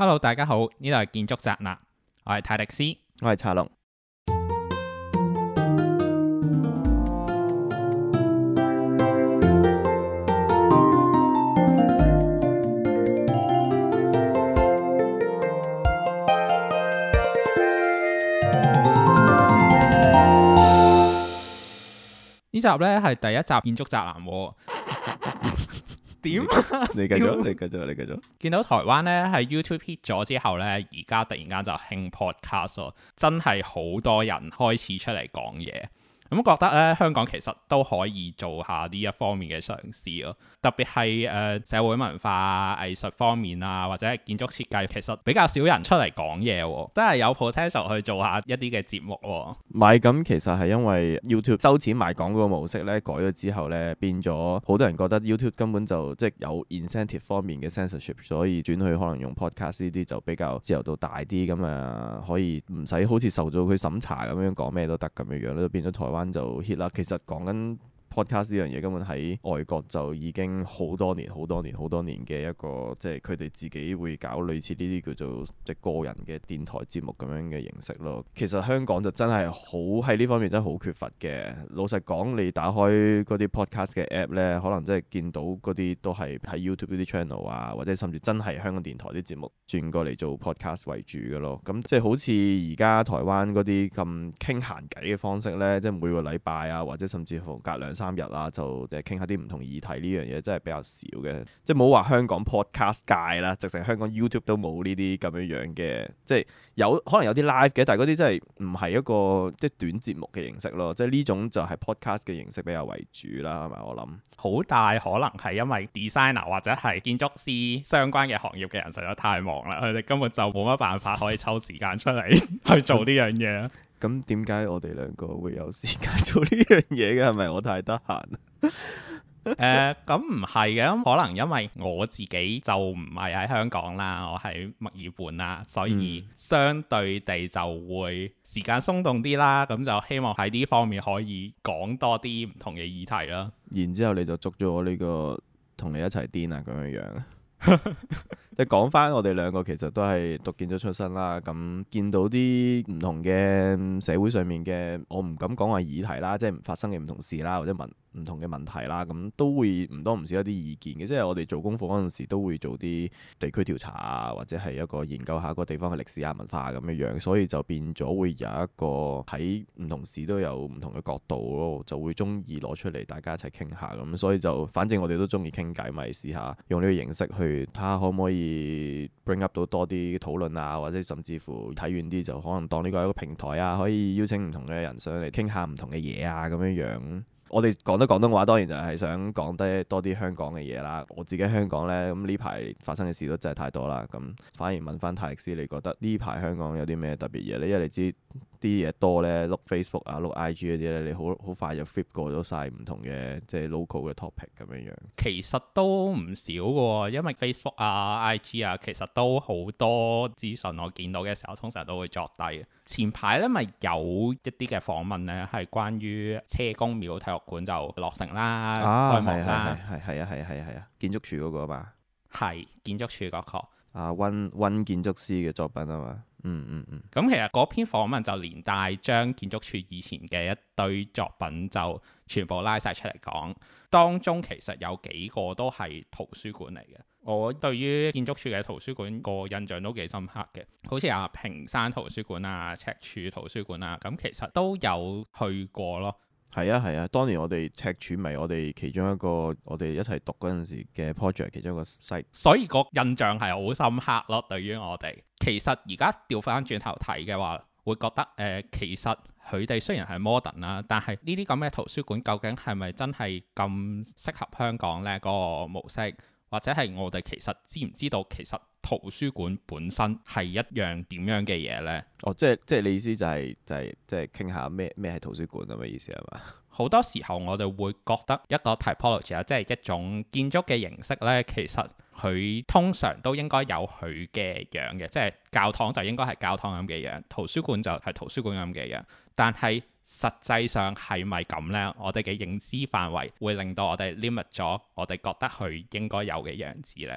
Hello，大家好，呢度係建築宅男，我係泰迪斯，我係查龍。呢集呢係第一集建築宅男喎。點啊？ 你繼續，你繼續，你繼續。 見到台灣咧喺 YouTube hit 咗之後咧，而家突然間就興 podcast，真係好多人開始出嚟講嘢。咁、嗯、覺得咧，香港其實都可以做下呢一方面嘅嘗試咯，特別係誒社會文化啊、藝術方面啊，或者建築設計，其實比較少人出嚟講嘢，真係有 potential 去做下一啲嘅節目、哦。唔係、嗯，咁其實係因為 YouTube 收錢賣廣告嗰個模式咧改咗之後咧，變咗好多人覺得 YouTube 根本就即係有 incentive 方面嘅 censorship，所以轉去可能用 podcast 呢啲就比較自由度大啲，咁、嗯、啊可以唔使好似受到佢審查咁樣講咩都得咁樣樣，都變咗台灣。就 heat 啦，其實講緊。podcast 呢樣嘢根本喺外國就已經好多年、好多年、好多年嘅一個即係佢哋自己會搞類似呢啲叫做即係個人嘅電台節目咁樣嘅形式咯。其實香港就真係好喺呢方面真係好缺乏嘅。老實講，你打開嗰啲 podcast 嘅 app 咧，可能真係見到嗰啲都係喺 YouTube 啲 channel 啊，或者甚至真係香港電台啲節目轉過嚟做 podcast 為主嘅咯。咁即係好似而家台灣啲咁傾閒偈嘅方式咧，即係每個禮拜啊，或者甚至乎隔兩三。今日啦，就誒傾下啲唔同議題呢樣嘢，真係比較少嘅。即係冇話香港 podcast 界啦，直成香港 YouTube 都冇呢啲咁樣樣嘅。即係有可能有啲 live 嘅，但係嗰啲真係唔係一個即係短節目嘅形式咯。即係呢種就係 podcast 嘅形式比較為主啦，係咪？我諗好大可能係因為 designer 或者係建築師相關嘅行業嘅人實在太忙啦，佢哋根本就冇乜辦法可以抽時間出嚟 去做呢樣嘢。咁點解我哋兩個會有時間做呢樣嘢嘅？係咪我太得閒？誒、 呃，咁唔係嘅，可能因為我自己就唔係喺香港啦，我喺墨爾本啦，所以相對地就會時間鬆動啲啦。咁就希望喺呢方面可以講多啲唔同嘅議題啦。然之後你就捉咗我呢個同你一齊癲啊，咁樣樣。你係講翻我哋兩個其實都係讀建築出身啦，咁見到啲唔同嘅社會上面嘅，我唔敢講話議題啦，即係發生嘅唔同事啦，或者問唔同嘅問題啦，咁都會唔多唔少一啲意見嘅。即係我哋做功課嗰陣時都會做啲地區調查啊，或者係一個研究下個地方嘅歷史啊、文化咁嘅樣，所以就變咗會有一個喺唔同市都有唔同嘅角度咯，就會中意攞出嚟大家一齊傾下咁，所以就反正我哋都中意傾偈咪試下用呢個形式去睇下可唔可以。而 bring up 到多啲討論啊，或者甚至乎睇遠啲，就可能當呢個係一個平台啊，可以邀請唔同嘅人上嚟傾下唔同嘅嘢啊，咁樣樣。我哋講得廣東話，當然就係想講得多啲香港嘅嘢啦。我自己香港呢，咁呢排發生嘅事都真係太多啦。咁反而問返泰歷斯，你覺得呢排香港有啲咩特別嘢咧？因為你知啲嘢多呢，look Facebook 啊，look IG 嗰啲呢，你好好快就 flip 過咗晒唔同嘅即係 local 嘅 topic 咁樣樣。其實都唔少嘅，因為 Facebook 啊、IG 啊，其實都好多資訊。我見到嘅時候，通常都會作低。前排咧咪有一啲嘅訪問咧，係關於車公廟體育館就落成啦、啊、開幕啦，係係啊係啊係啊係啊，建築署嗰個嘛，係建築署嗰個，阿温温建築師嘅作品啊嘛。嗯嗯嗯，咁其實嗰篇訪問就連帶將建築署以前嘅一堆作品就全部拉晒出嚟講，當中其實有幾個都係圖書館嚟嘅。我對於建築署嘅圖書館個印象都幾深刻嘅，好似啊平山圖書館啊、赤柱圖書館啊，咁其實都有去過咯。係啊係啊，當年我哋赤柱咪我哋其中一個我哋一齊讀嗰陣時嘅 project 其中一個 site 所以個印象係好深刻咯。對於我哋，其實而家掉返轉頭睇嘅話，會覺得誒、呃，其實佢哋雖然係 modern 啦，但係呢啲咁嘅圖書館究竟係咪真係咁適合香港呢嗰、嗰個模式。或者係我哋其實知唔知道，其實圖書館本身係一樣點樣嘅嘢呢？哦，即係即係你意思就係、就係、就係即係傾下咩咩係圖書館啊？咩意思係嘛？好多時候我哋會覺得一個 typology 啊，即係一種建築嘅形式呢，其實佢通常都應該有佢嘅樣嘅，即係教堂就應該係教堂咁嘅樣，圖書館就係圖書館咁嘅樣，但係。實際上係咪咁呢？我哋嘅認知範圍會令到我哋 limit 咗我哋覺得佢應該有嘅樣子呢。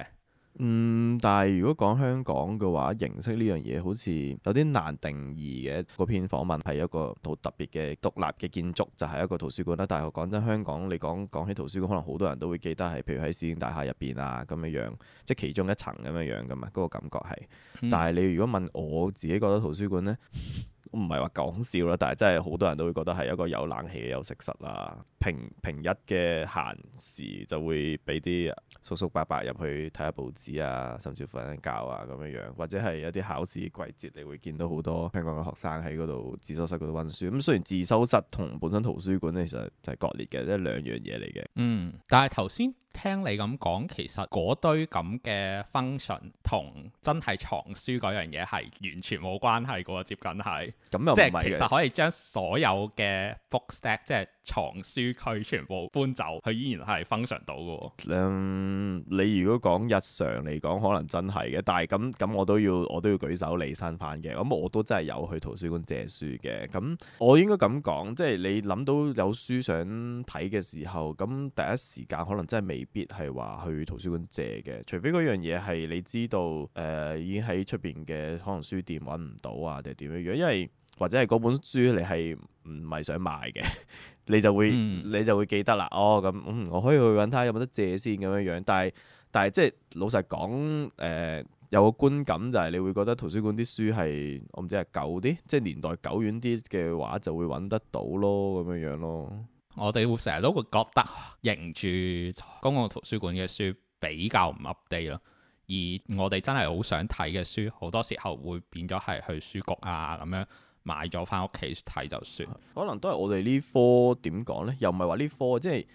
嗯，但係如果講香港嘅話，形式呢樣嘢好似有啲難定義嘅。嗰篇訪問係一個好特別嘅獨立嘅建築，就係一個圖書館啦。但係講真，香港你講講起圖書館，可能好多人都會記得係譬如喺市政大廈入邊啊咁樣樣，即係其中一層咁樣樣噶嘛。嗰個感覺係。嗯、但係你如果問我自己覺得圖書館呢。唔係話講笑啦，但係真係好多人都會覺得係一個有冷氣嘅休息室啦。平平日嘅閒時就會俾啲叔叔伯伯入去睇下報紙啊，甚至瞓緊覺啊咁樣樣，或者係有啲考試季節，你會見到好多香港嘅學生喺嗰度自修室嗰度温書。咁，嗯，雖然自修室同本身圖書館呢，其實就係割裂嘅，即係兩樣嘢嚟嘅。嗯，但係頭先聽你咁講，其實嗰堆咁嘅 function 同真係藏書嗰樣嘢係完全冇關係嘅喎，接近係。咁又唔係其實可以將所有嘅 bookstack 即係藏書區全部搬走，佢依然係分享到嘅。嗯，你如果講日常嚟講，可能真係嘅，但係咁咁，我都要我都要舉手利申返嘅。咁我都真係有去圖書館借書嘅。咁我應該咁講，即係你諗到有書想睇嘅時候，咁第一時間可能真係未必係話去圖書館借嘅，除非嗰樣嘢係你知道誒、呃，已經喺出邊嘅可能書店揾唔到啊，定係點樣樣，因為。或者係嗰本書你係唔係想買嘅， 你就會、嗯、你就會記得啦。哦，咁嗯，我可以去揾睇有冇得借先，咁樣樣。但係但係即係老實講，誒、呃、有個觀感就係你會覺得圖書館啲書係我唔知係舊啲，即係年代久遠啲嘅話就會揾得到咯，咁樣樣咯。我哋會成日都會覺得認住公共圖書館嘅書比較唔 update 咯，而我哋真係好想睇嘅書，好多時候會變咗係去書局啊咁樣。買咗翻屋企睇就算，可能都係我哋呢科點講呢？又唔係話呢科即係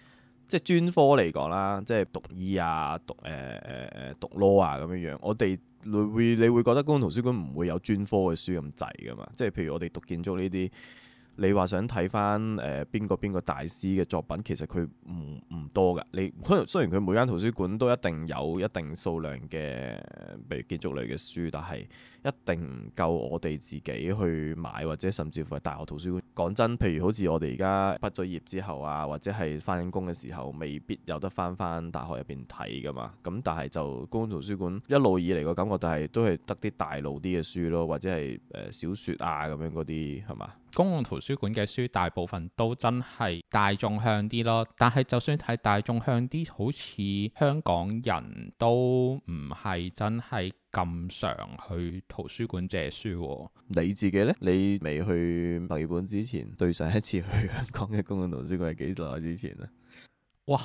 即係專科嚟講啦，即係讀醫啊、讀誒誒誒讀 law 啊咁樣樣。我哋會你會覺得公共圖書館唔會有專科嘅書咁滯㗎嘛？即係譬如我哋讀建築呢啲。你話想睇翻誒邊個邊個大師嘅作品，其實佢唔唔多㗎。你雖雖然佢每間圖書館都一定有一定數量嘅，比如建築類嘅書，但係一定唔夠我哋自己去買，或者甚至乎係大學圖書館。講真，譬如好似我哋而家畢咗業之後啊，或者係翻工嘅時候，未必有得翻翻大學入邊睇㗎嘛。咁但係就公共圖書館一路以嚟個感覺，就係都係得啲大路啲嘅書咯，或者係誒小説啊咁樣嗰啲係嘛？公共圖書館嘅書大部分都真係大眾向啲咯，但係就算係大眾向啲，好似香港人都唔係真係咁常去圖書館借書啊。你自己呢？你未去墨爾本之前，對上一次去香港嘅公共圖書館係幾耐之前啊？哇，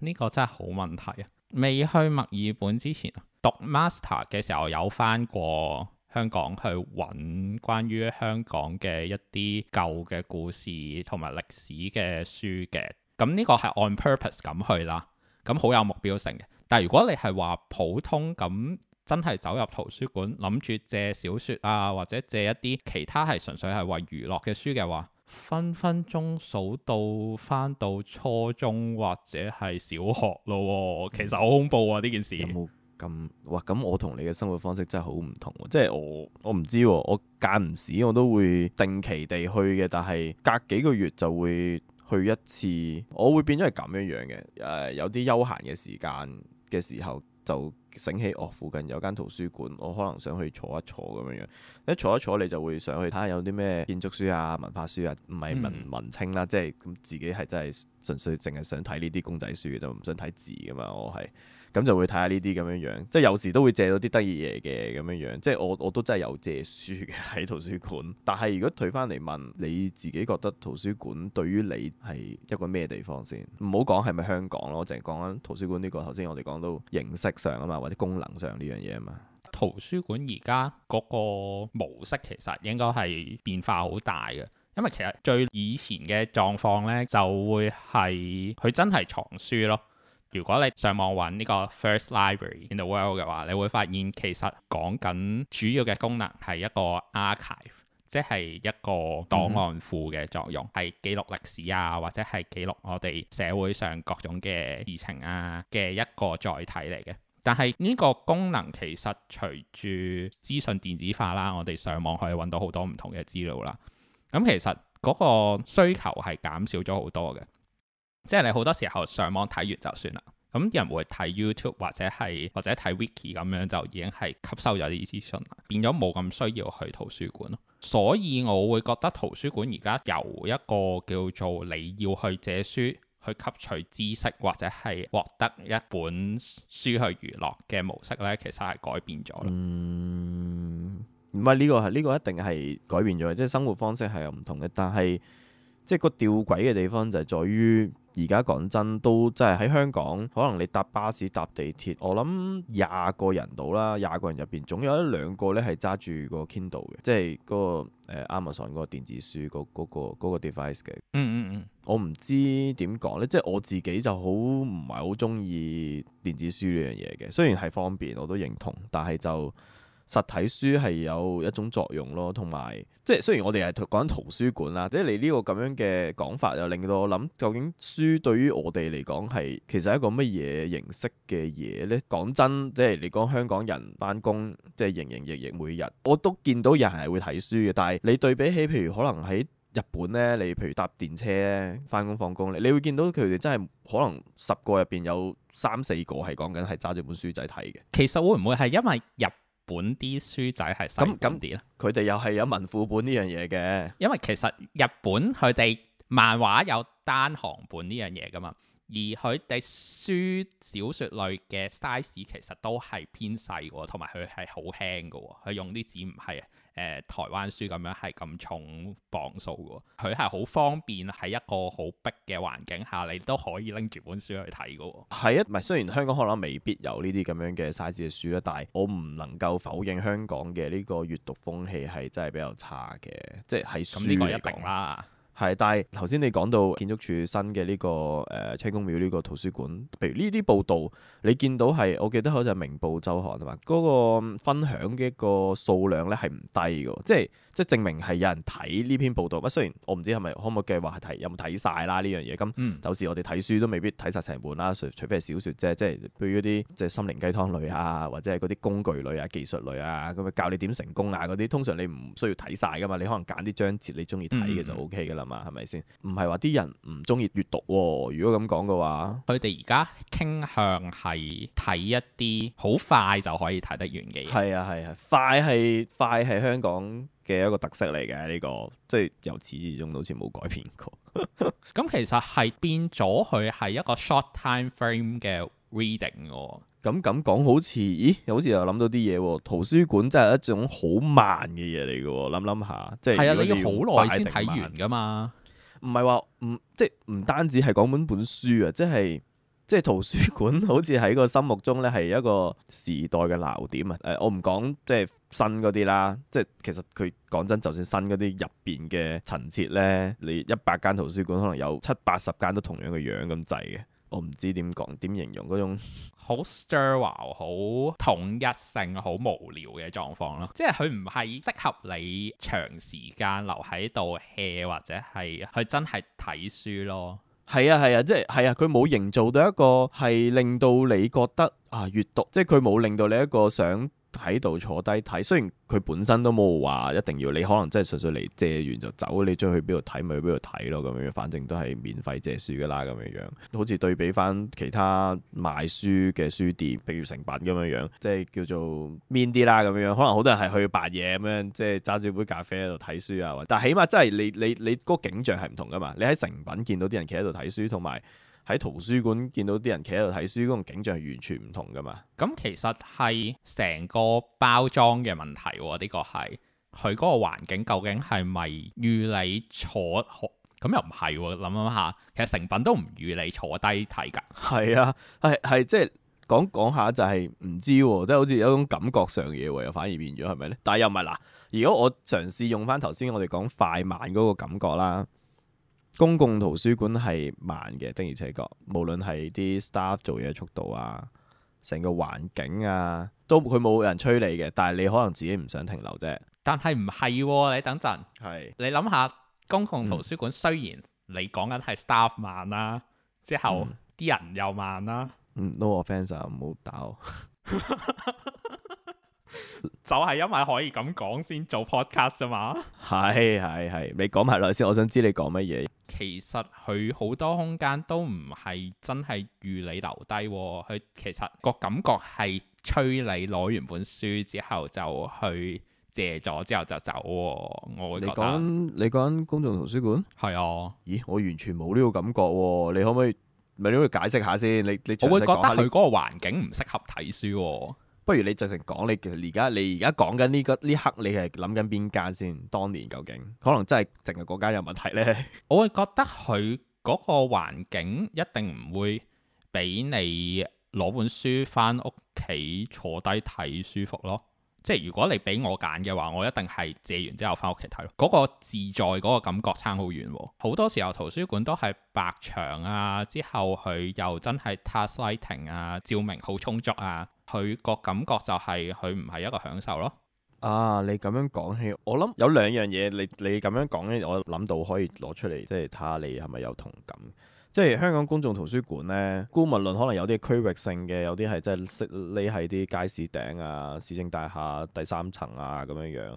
呢個真係好問題啊！未去墨爾本之前啊，讀 master 嘅時候有翻過。香港去揾關於香港嘅一啲舊嘅故事同埋歷史嘅書嘅，咁呢個係 on purpose 咁去啦，咁好有目標性嘅。但如果你係話普通咁，真係走入圖書館，諗住借小説啊，或者借一啲其他係純粹係為娛樂嘅書嘅話，分分鐘數到翻到初中或者係小學咯，其實好恐怖啊！呢件事。咁、嗯、哇，咁我同你嘅生活方式真係好唔同喎、啊，即係我我唔知、啊，我間唔時我都會定期地去嘅，但係隔幾個月就會去一次。我會變咗係咁樣樣嘅，誒、呃、有啲休閒嘅時間嘅時候就醒起我、哦、附近有間圖書館，我可能想去坐一坐咁樣樣。一坐一坐你就會上去睇下有啲咩建築書啊、文化書啊，唔係文、嗯、文青啦、啊，即係咁、嗯、自己係真係純粹淨係想睇呢啲公仔書就唔想睇字㗎嘛，我係。咁就會睇下呢啲咁樣樣，即係有時都會借到啲得意嘢嘅咁樣樣。即係我我都真係有借書嘅喺圖書館，但係如果退翻嚟問你自己覺得圖書館對於你係一個咩地方先？唔好講係咪香港咯，我淨係講緊圖書館呢個。頭先我哋講到形式上啊嘛，或者功能上呢樣嘢啊嘛。圖書館而家嗰個模式其實應該係變化好大嘅，因為其實最以前嘅狀況咧就會係佢真係藏書咯。如果你上網揾呢個 First Library in the World 嘅話，你會發現其實講緊主要嘅功能係一個 archive，即係一個檔案庫嘅作用，係、嗯、記錄歷史啊，或者係記錄我哋社會上各種嘅事情啊嘅一個載體嚟嘅。但係呢個功能其實隨住資訊電子化啦，我哋上網可以揾到好多唔同嘅資料啦。咁其實嗰個需求係減少咗好多嘅。即係你好多時候上網睇完就算啦，咁人會睇 YouTube 或者係或者睇 Wiki 咁樣就已經係吸收咗啲資訊啦，變咗冇咁需要去圖書館咯。所以我會覺得圖書館而家由一個叫做你要去借書去吸取知識或者係獲得一本書去娛樂嘅模式呢，其實係改變咗。嗯，唔係呢個係呢個一定係改變咗，即係生活方式係唔同嘅。但係即係個吊詭嘅地方就係在於。而家講真都真係喺香港，可能你搭巴士搭地鐵，我諗廿個人到啦，廿個人入邊總有一兩個咧係揸住個 Kindle 嘅，即係嗰個、呃、Amazon 嗰個電子書嗰、嗰、嗰個嗰、嗰個嗰個 device 嘅。嗯嗯嗯，我唔知點講咧，即係我自己就好唔係好中意電子書呢樣嘢嘅，雖然係方便我都認同，但係就。實體書係有一種作用咯，同埋即係雖然我哋係講緊圖書館啦，即係你呢個咁樣嘅講法又令到我諗，究竟書對於我哋嚟講係其實一個乜嘢形式嘅嘢咧？講真，即係你講香港人翻工即係營營役役每日，我都見到有人係會睇書嘅，但係你對比起譬如可能喺日本咧，你譬如搭電車咧，翻工放工咧，你會見到佢哋真係可能十個入邊有三四個係講緊係揸住本書仔睇嘅。其實會唔會係因為入本啲書仔係咁咁點咧？佢哋又係有文庫本呢樣嘢嘅。因為其實日本佢哋漫畫有單行本呢樣嘢㗎嘛，而佢哋書小説類嘅 size 其實都係偏細嘅，同埋佢係好輕嘅，佢用啲紙唔係啊。誒、呃、台灣書咁樣係咁重磅數喎，佢係好方便喺一個好逼嘅環境下，你都可以拎住本書去睇嘅喎。係啊，唔係雖然香港可能未必有呢啲咁樣嘅 size 嘅書啦，但係我唔能夠否認香港嘅呢個閱讀風氣係真係比較差嘅，即係喺書嚟講。咁呢個一定啦。係，但係頭先你講到建築署新嘅呢個誒青宮廟呢個圖書館，譬如呢啲報道，你見到係我記得好似係明報周刊啊嘛，嗰、嗰個分享嘅一個數量咧係唔低嘅，即係即係證明係有人睇呢篇報道。不過雖然我唔知係咪可唔可以計劃係睇有冇睇晒啦呢樣嘢。咁有時我哋睇書都未必睇晒成本啦，除非係小説啫，即係譬如嗰啲即係心靈雞湯類啊，或者係嗰啲工具類啊、技術類啊，咁啊教你點成功啊嗰啲，通常你唔需要睇晒噶嘛，你可能揀啲章節你中意睇嘅就 OK 㗎啦。嘛係咪先？唔係話啲人唔中意閱讀喎。如果咁講嘅話，佢哋而家傾向係睇一啲好快就可以睇得完嘅嘢。啊。係啊係啊，快係快係香港嘅一個特色嚟嘅呢個，即係由始至終好似冇改變過。咁 其實係變咗佢係一個 short time frame 嘅 reading 喎。咁咁講好似，咦？好似又諗到啲嘢喎。圖書館真係一種好慢嘅嘢嚟嘅喎，諗諗下，即係要好耐先睇完噶嘛。唔係話唔即係唔單止係講本本書啊，即係即係圖書館，好似喺個心目中咧係一個時代嘅鬧點啊。誒， 我唔講即係新嗰啲啦，即係其實佢講真，就算新嗰啲入邊嘅陳設咧，你一百間圖書館可能有七八十間都同樣嘅樣咁滯嘅。我唔知點講點形容嗰種好 sterile、好統一性、好無聊嘅狀況咯，即係佢唔係適合你長時間留喺度 hea 或者係佢真係睇書咯。係啊係啊，即係係啊，佢冇、啊啊啊啊、營造到一個係令到你覺得啊，閱讀即係佢冇令到你一個想喺度坐低睇，雖然佢本身都冇話一定要，你可能真係純粹嚟借完就走，你最去邊度睇咪去邊度睇咯咁樣，反正都係免費借書噶啦咁樣樣。好似對比翻其他賣書嘅書店，比如誠品咁樣樣，即係叫做面啲啦咁樣樣。可能好多人係去白夜咁樣，即係揸住杯咖啡喺度睇書啊，但係起碼真係你你你嗰個景象係唔同噶嘛。你喺誠品見到啲人企喺度睇書，同埋。喺圖書館見到啲人企喺度睇書嗰個景象係完全唔同噶嘛。咁其實係成個包裝嘅問題喎。呢個係佢嗰個環境究竟係咪預你坐？咁又唔係諗諗下，其實成品都唔預你坐低睇噶。係啊，係係即係講講下就係唔知喎。即係好似有種感覺上嘅嘢又反而變咗，係咪咧？但係又唔係嗱？如果我嘗試用翻頭先我哋講快慢嗰個感覺啦。公共圖書館係慢嘅，的而且確，無論係啲 staff 做嘢速度啊，成個環境啊，都佢冇人催你嘅，但係你可能自己唔想停留啫。但係唔係喎？你等陣，係你諗下，公共圖書館雖然你講緊係 staff 慢啦、啊，之後啲人又慢啦。no offense 啊，唔好、嗯嗯 no 啊、打我 就係因為可以咁講先做 podcast 啫嘛，係係 係，你講埋落先，我想知你講乜嘢。其實佢好多空間都唔係真係預你留低，佢其實個感覺係催你攞完本書之後就去借咗之後就走。我你講你講公眾圖書館，係 啊？咦，我完全冇呢個感覺，你可唔可以咪都要解釋下先？你你我會覺得佢嗰個環境唔適合睇書。不如你直情講你其實你而家你而家講緊呢個呢刻，你係諗緊邊間先？當年究竟可能真係淨係嗰間有問題呢。 我會覺得佢嗰個環境一定唔會俾你攞本書翻屋企坐低睇舒服咯。即係如果你俾我揀嘅話，我一定係借完之後翻屋企睇咯。嗰個自在嗰個感覺差好遠喎。好多時候圖書館都係白牆啊，之後佢又真係 task lighting 啊，照明好充足啊。佢個感覺就係佢唔係一個享受咯。啊，你咁樣講起，我諗有兩樣嘢，你你咁樣講咧，我諗到可以攞出嚟，即係睇下你係咪有同感。即係香港公眾圖書館咧，姑勿論可能有啲區域性嘅，有啲係真係匿喺啲街市頂啊、市政大廈、啊、第三層啊咁樣樣，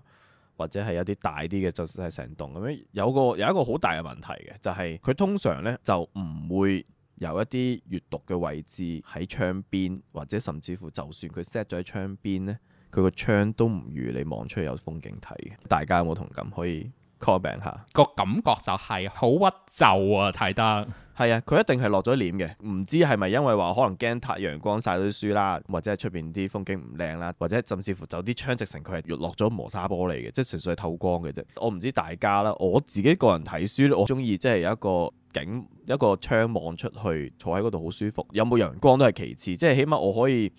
或者係有啲大啲嘅就係成棟咁樣。有個有一個好大嘅問題嘅，就係，佢通常咧就唔會。有一啲閱讀嘅位置喺窗邊，或者甚至乎就算佢 set 咗喺窗邊呢，佢個窗都唔如你望出去有風景睇嘅。大家有冇同感？可以 comment 下。個感覺就係好屈就啊，睇得。係啊，佢一定係落咗簾嘅，唔知係咪因為話可能驚太陽光曬咗啲書啦，或者係出邊啲風景唔靚啦，或者甚至乎走啲窗直程佢係落咗磨砂玻璃嘅，即係純粹係透光嘅啫。我唔知大家啦，我自己個人睇書咧，我中意即係有一個景，一個窗望出去，坐喺嗰度好舒服，有冇陽光都係其次，即係起碼我可以。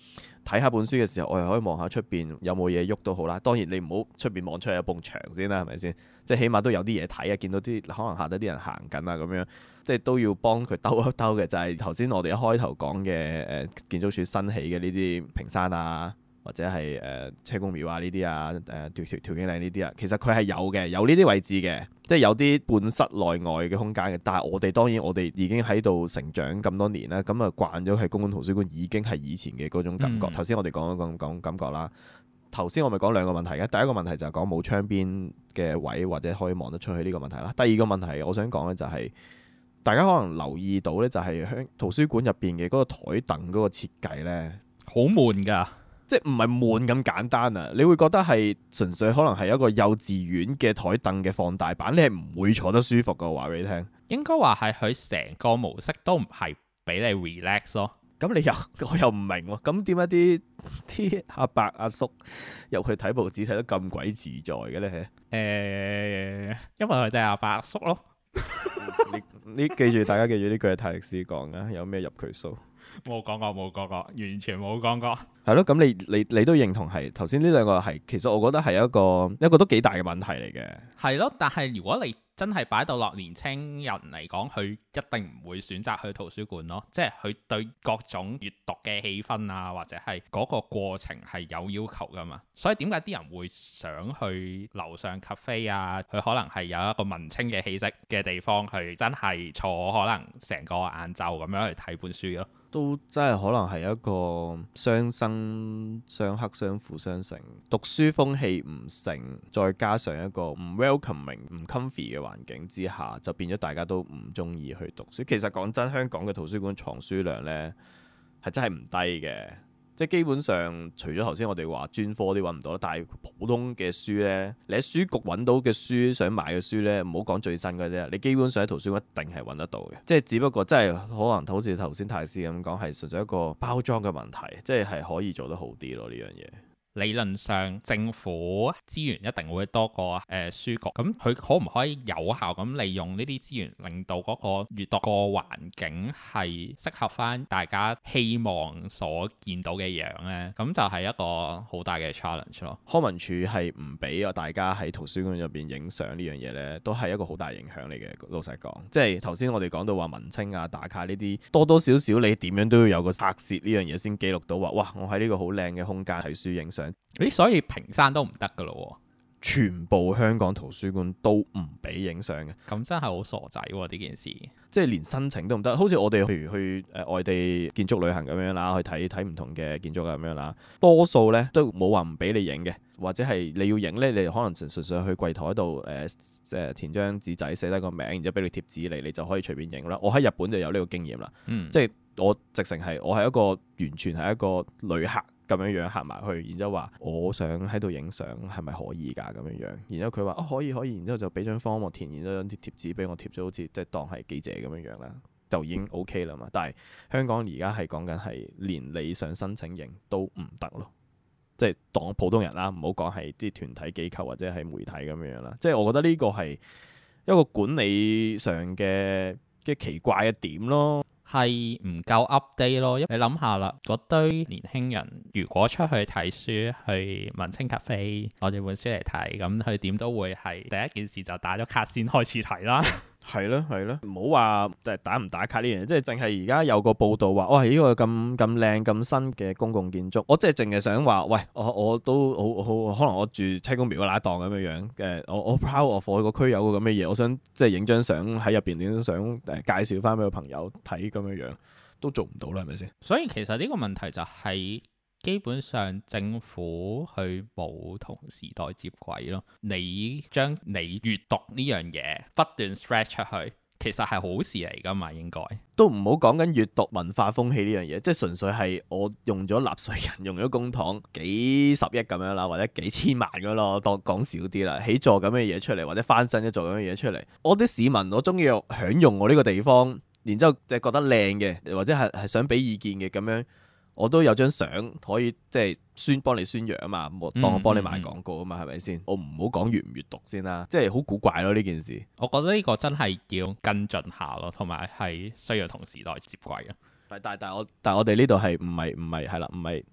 睇下本書嘅時候，我哋可以望下出邊有冇嘢喐都好啦。當然你唔好出邊望出去有埲牆先啦，係咪先？即係起碼都有啲嘢睇啊，見到啲可能下底啲人行緊啊，咁樣即係都要幫佢兜一兜嘅。就係頭先我哋一開頭講嘅誒，建築署新起嘅呢啲屏山啊。或者係誒、呃、車公廟啊呢啲啊誒條條條件靚呢啲啊，其實佢係有嘅，有呢啲位置嘅，即係有啲半室內外嘅空間嘅。但係我哋當然我哋已經喺度成長咁多年啦，咁啊慣咗喺公共圖書館已經係以前嘅嗰種感覺。頭先我哋講咁講感覺啦。頭先我咪講兩個問題嘅，第一個問題就係講冇窗邊嘅位或者可以望得出去呢個問題啦。第二個問題我想講咧，就係、是、大家可能留意到咧就係圖書館入邊嘅嗰個台凳嗰個設計咧好悶㗎。即係唔係悶咁簡單啊？你會覺得係純粹可能係一個幼稚園嘅台凳嘅放大版，你係唔會坐得舒服噶。話俾你聽，應該話係佢成個模式都唔係俾你 relax 咯。咁你又我又唔明喎、啊。咁點解啲啲阿伯阿叔入去睇報紙睇得咁鬼自在嘅咧？誒，因為佢哋阿伯阿叔咯。 你你記住，大家記住呢句係泰利斯講嘅，有咩入佢數？冇講過冇講過，完全冇講過。係咯，咁你你你都認同係頭先呢兩個係，其實我覺得係一個一個都幾大嘅問題嚟嘅。係咯，但係如果你真係擺到落年青人嚟講，佢一定唔會選擇去圖書館咯。即係佢對各種閲讀嘅氣氛啊，或者係嗰個過程係有要求噶嘛。所以點解啲人會想去樓上 cafe 啊？佢可能係有一個文青嘅氣息嘅地方，去真係坐可能成個晏晝咁樣去睇本書咯。都真係可能係一個雙生雙克相輔相成，讀書風氣唔成，再加上一個唔 welcoming、唔 comfy 嘅話。環境之下，就變咗大家都唔中意去讀書。其實講真，香港嘅圖書館藏書量呢，係真係唔低嘅。即係基本上，除咗頭先我哋話專科啲搵唔到，但係普通嘅書呢，你喺書局搵到嘅書，想買嘅書呢，唔好講最新嘅啫，你基本上喺圖書館一定係搵得到嘅。即係只不過真係可能好似頭先太斯咁講，係純粹一個包裝嘅問題，即係係可以做得好啲咯呢樣嘢。這個理論上政府資源一定會多過誒、呃、書局，咁佢可唔可以有效咁利用呢啲資源，令到嗰個閱讀個環境係適合翻大家希望所見到嘅樣咧？咁就係一個好大嘅 challenge 咯。康文署係唔俾啊大家喺圖書館入邊影相呢樣嘢咧，都係一個好大影響嚟嘅。老實講，即係頭先我哋講到話文青啊打卡呢啲，多多少少你點樣都要有個拍攝呢樣嘢先記錄到話，哇！我喺呢個好靚嘅空間睇書影相。誒，所以平山都唔得噶咯，全部香港圖書館都唔俾影相嘅。咁真係好傻仔喎，啊！呢件事，即係連申請都唔得，好似我哋譬如去誒外地建築旅行咁樣啦，去睇睇唔同嘅建築啊咁樣啦，多數咧都冇話唔俾你影嘅，或者係你要影咧，你可能純純粹去櫃台度誒誒填張紙仔，寫低個名，然之後俾你貼紙嚟，你就可以隨便影啦。我喺日本就有呢個經驗啦，嗯，即係我直情係我係一個完全係一個旅客。咁樣樣行埋去，然之後話我想喺度影相，係咪可以㗎？咁樣樣，然之後佢話哦可以可以，然之後就俾張 form 我填，然之後張貼紙俾我貼咗，好似即係當係記者咁樣樣啦，就已經 OK 啦嘛。但係香港而家係講緊係連你想申請影都唔得咯，即係當普通人啦，唔好講係啲團體機構或者係媒體咁樣樣啦。即係我覺得呢個係一個管理上嘅嘅奇怪嘅點咯。係唔夠 update 咯，你諗下啦，嗰堆年輕人如果出去睇書，去文青咖啡攞住本書嚟睇，咁佢點都會係第一件事就打咗卡先開始睇啦。 係咯，係咯，唔好話誒打唔打卡呢樣嘢，即係淨係而家有個報道話，哇、哦、呢個咁咁靚咁新嘅公共建築，我即係淨係想話，喂，我我都好好可能我住青宮廟嗰檔咁樣樣嘅，我我 proud 我我個區有個咁嘅嘢，我想即係影張相喺入邊影張相介紹翻俾個朋友睇咁樣樣，都做唔到啦，係咪先？所以其實呢個問題就係、是。基本上政府去冇同時代接軌咯，你將你閲讀呢樣嘢不斷 stretch 出去，其實係好事嚟噶嘛？應該都唔好講緊閲讀文化風氣呢樣嘢，即係純粹係我用咗納稅人用咗公帑幾十億咁樣啦，或者幾千萬噶咯，當講少啲啦，起座咁嘅嘢出嚟，或者翻身一做咁嘅嘢出嚟，我啲市民我中意享用我呢個地方，然之後就覺得靚嘅，或者係係想俾意見嘅咁樣。我都有張相可以即係宣幫你宣揚啊嘛，當我幫你賣廣告啊嘛，係咪先？我唔好講閱唔閱讀先啦，即係好古怪咯呢件事。我覺得呢個真係要跟進下咯，同埋係需要同時代接軌啊。但係但我但我哋呢度係唔係唔係係啦，唔係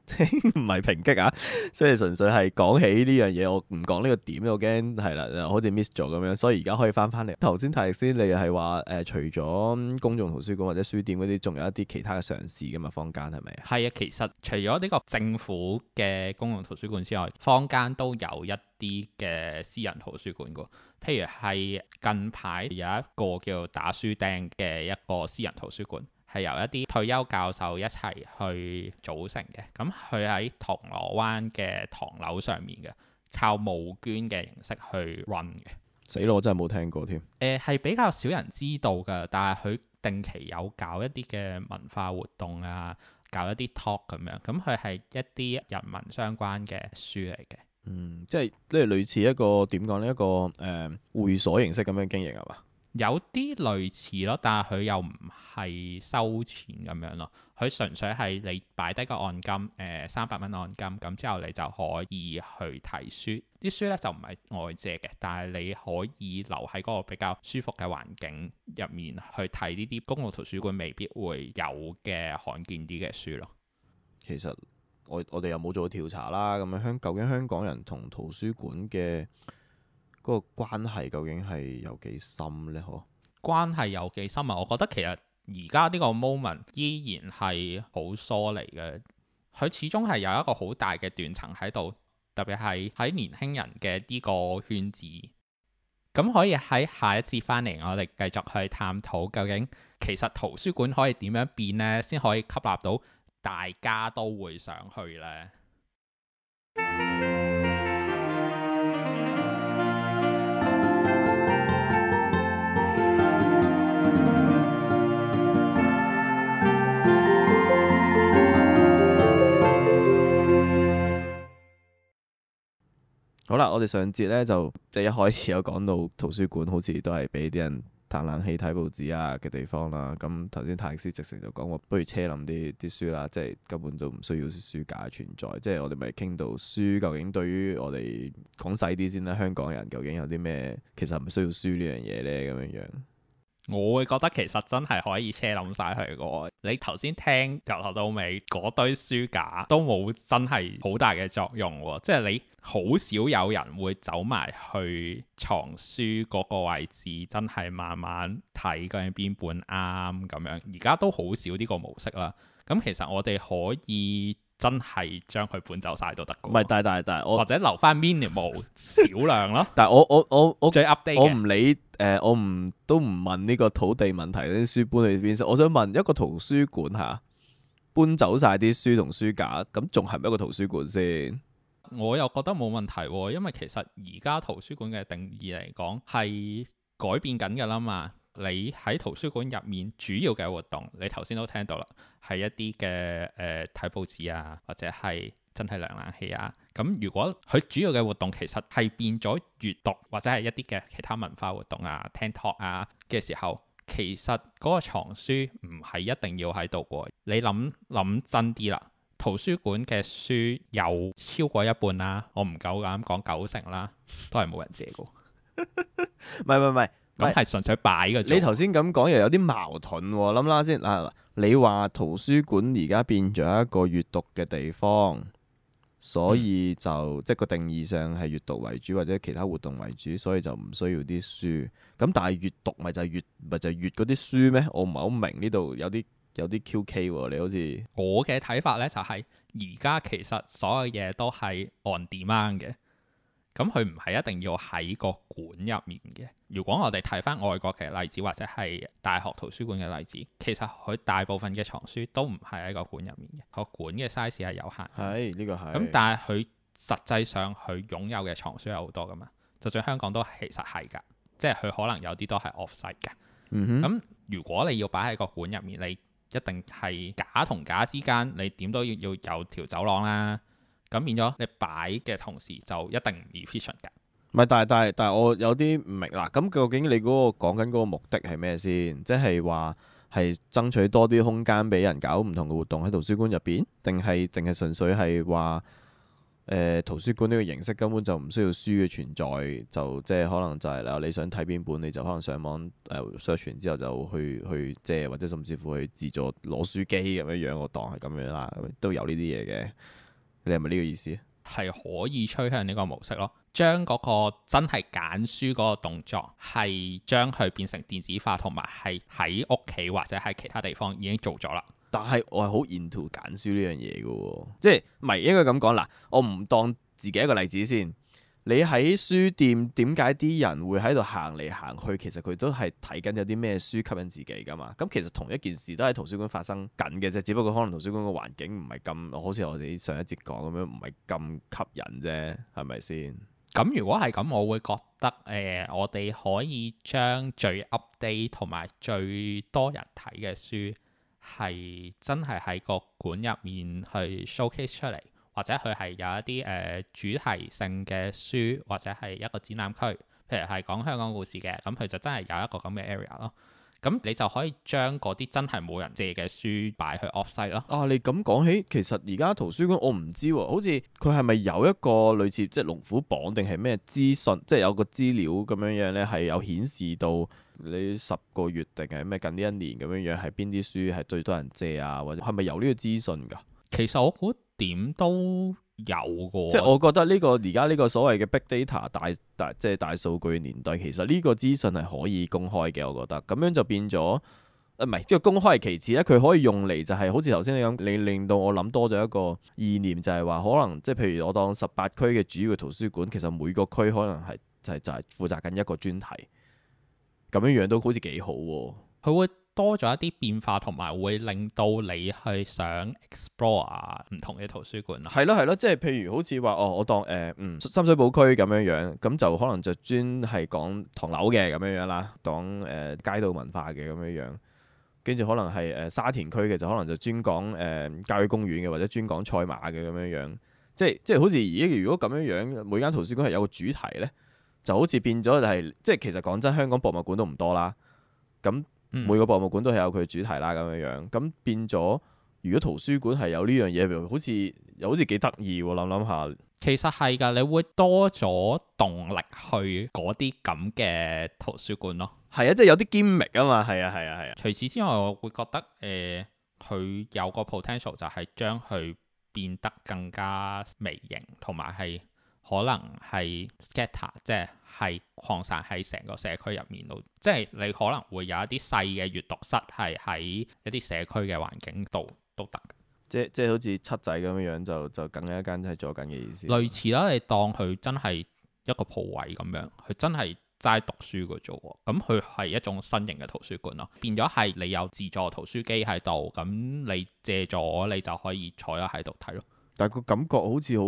唔係抨擊啊，即係純粹係講起呢樣嘢，我唔講呢個點，我驚係啦，好似 miss 咗咁樣，所以而家可以翻翻嚟。頭先睇先，你又係話誒，除咗公眾圖書館或者書店嗰啲，仲有一啲其他嘅嘗試嘅嘛？坊間係咪啊？係啊，其實除咗呢個政府嘅公共圖書館之外，坊間都有一啲嘅私人圖書館喎。譬如係近排有一個叫打書釘嘅一個私人圖書館。係由一啲退休教授一齊去組成嘅，咁佢喺銅鑼灣嘅唐樓上面嘅，靠募捐嘅形式去運嘅。死咯，我真係冇聽過添。誒係、呃、比較少人知道㗎，但係佢定期有搞一啲嘅文化活動啊，搞一啲 talk 咁樣。咁佢係一啲人民相關嘅書嚟嘅。嗯，即係即係類似一個點講呢？一個誒、呃、會所形式咁樣經營係嘛？有啲類似咯，但係佢又唔係收錢咁樣咯。佢純粹係你擺低個按金，誒三百蚊按金，咁之後你就可以去睇書。啲書呢就唔係外借嘅，但係你可以留喺嗰個比較舒服嘅環境入面去睇呢啲公共圖書館未必會有嘅罕見啲嘅書咯。其實我我哋又冇做調查啦。咁樣香究竟香港人同圖書館嘅嗰個關係究竟係有幾深呢？呵，關係有幾深啊？我覺得其實而家呢個 moment 依然係好疏離嘅，佢始終係有一個好大嘅斷層喺度，特別係喺年輕人嘅呢個圈子。咁可以喺下一次返嚟，我哋繼續去探討究竟其實圖書館可以點樣變呢？先可以吸納到大家都會想去呢。 好啦，我哋上節咧就即係一開始有講到圖書館好似都係俾啲人嘆冷氣睇報紙啊嘅地方啦。咁頭先泰斯直情就講過，不如車冧啲啲書啦，即係根本都唔需要書,書架存在。即係我哋咪傾到書究竟對於我哋講細啲先啦。香港人究竟有啲咩其實唔需要書呢樣嘢咧？咁樣樣。我會覺得其實真係可以車冧晒佢個。你頭先聽由頭到尾嗰堆書架都冇真係好大嘅作用喎。即係你好少有人會走埋去藏書嗰個位置，真係慢慢睇究竟邊本啱咁樣。而家都好少呢個模式啦。咁其實我哋可以。真係將佢搬走晒都得嘅，唔係，但係但係但係我或者留翻 minimal 少量咯。 但係我我我我最 update 我唔理誒，我唔、呃、都唔問呢個土地問題，啲書搬去邊？我想問一個圖書館吓，搬走晒啲書同書架，咁仲係咪一個圖書館先？我又覺得冇問題，因為其實而家圖書館嘅定義嚟講係改變緊噶啦嘛。你喺圖書館入面主要嘅活動，你頭先都聽到啦，係一啲嘅誒睇報紙啊，或者係真係涼冷氣啊。咁如果佢主要嘅活動其實係變咗閱讀，或者係一啲嘅其他文化活動啊、聽 talk 啊嘅時候，其實嗰個藏書唔係一定要喺度喎。你諗諗真啲啦、啊，圖書館嘅書有超過一半啦、啊，我唔夠膽講九成啦、啊，都係冇人借過。唔係唔係唔係。咁係純粹擺嘅啫。你頭先咁講又有啲矛盾喎。諗啦先，嗱、啊，你話圖書館而家變咗一個閱讀嘅地方，所以就、嗯、即係個定義上係閱讀為主，或者其他活動為主，所以就唔需要啲書。咁但係閱讀咪就係閲，咪就係閲嗰啲書咩？我唔係好明呢度有啲有啲 QK 喎。你好似我嘅睇法咧，就係而家其實所有嘢都係 on demand 嘅。咁佢唔係一定要喺個館入面嘅。如果我哋睇返外國嘅例子，或者係大學圖書館嘅例子，其實佢大部分嘅藏書都唔係喺個館入面嘅。個館嘅 size 係有限，係呢、呢個係。咁、嗯、但係佢實際上佢擁有嘅藏書係好多㗎嘛。就算香港都其實係㗎，即係佢可能有啲都係 off site 㗎。咁、嗯哼嗯、如果你要擺喺個館入面，你一定係假同假之間，你點都要要有條走廊啦。咁變咗，你擺嘅同時就一定唔 efficient 㗎。唔係，但係但係但係，我有啲唔明啦。咁究竟你嗰個講緊嗰個目的係咩先？即係話係爭取多啲空間俾人搞唔同嘅活動喺圖書館入邊，定係定係純粹係話誒圖書館呢個形式根本就唔需要書嘅存在，就即係可能就係啦。你想睇邊本你就可能上網誒上傳之後就去去即係或者甚至乎去自助攞書機咁樣樣，我當係咁樣啦，都有呢啲嘢嘅。你係咪呢個意思？係可以趨向呢個模式咯，將嗰個真係揀書嗰個動作，係將佢變成電子化，同埋係喺屋企或者喺其他地方已經做咗啦。但係我係好沿途 t o 揀書呢樣嘢嘅，即係唔係應該咁講嗱？我唔當自己一個例子先。你喺書店點解啲人會喺度行嚟行去？其實佢都係睇緊有啲咩書吸引自己㗎嘛。咁其實同一件事都喺圖書館發生緊嘅啫，只不過可能圖書館個環境唔係咁，好似我哋上一節講咁樣，唔係咁吸引啫，係咪先？咁如果係咁，我會覺得誒、呃，我哋可以將最 update 同埋最多人睇嘅書，係真係喺個館入面去 showcase 出嚟。或者佢係有一啲誒、呃、主題性嘅書，或者係一個展覽區，譬如係講香港故事嘅咁，佢就真係有一個咁嘅 area 咯。咁你就可以將嗰啲真係冇人借嘅書擺去 off-site 咯。啊，你咁講起，其實而家圖書館我唔知喎、啊，好似佢係咪有一個類似即係龍虎榜定係咩資訊，即係有個資料咁樣樣咧，係有顯示到你十個月定係咩近呢一年咁樣樣係邊啲書係最多人借啊，或者係咪有呢個資訊噶？其實我估。點都有個，即係我覺得呢個而家呢個所謂嘅 big data 大大即係、就是、大數據年代，其實呢個資訊係可以公開嘅，我覺得咁樣就變咗，誒唔係，即係公開係其次咧，佢可以用嚟就係好似頭先你咁，你令，令到我諗多咗一個意念，就係、是、話可能即係譬如我當十八區嘅主要圖書館，其實每個區可能係就係就係負責緊一個專題，咁樣樣都好似幾好。好啊。多咗一啲變化，會會同埋會令到你去想 explore 唔同嘅圖書館咯。係咯係咯，即係譬如好似話哦，我當誒、呃、嗯深水埗區咁樣樣，咁就可能就專係講唐樓嘅咁、嗯、樣樣啦，講誒街道文化嘅咁樣樣，跟住可能係誒沙田區嘅就可能就專講誒郊野公園嘅，或者專講賽馬嘅咁樣樣。即係即係好似而家如果咁樣樣，每間圖書館係有個主題咧，就好似變咗就係即係其實講真，香港博物館都唔多啦，咁。每個博物館都係有佢主題啦，咁樣樣，咁變咗，如果圖書館係有呢樣嘢，好似又好似幾得意，諗諗下，其實係噶，你會多咗動力去嗰啲咁嘅圖書館咯，係啊，即係有啲 genie 啊嘛，係啊，係啊，係啊。除此之外，我會覺得誒，佢有個 potential 就係將佢變得更加微型，同埋係。可能係 scatter，即係係擴散喺成個社區入面度，即係你可能會有一啲細嘅閱讀室係喺一啲社區嘅環境度都得。即即係好似七仔咁樣就就梗有一間係做緊嘅意思。類似啦，你當佢真係一個鋪位咁樣，佢真係齋讀書嘅啫喎。咁佢係一種新型嘅圖書館咯，變咗係你有自助圖書機喺度，咁你借咗你就可以坐咗喺度睇咯。但個感覺好似好，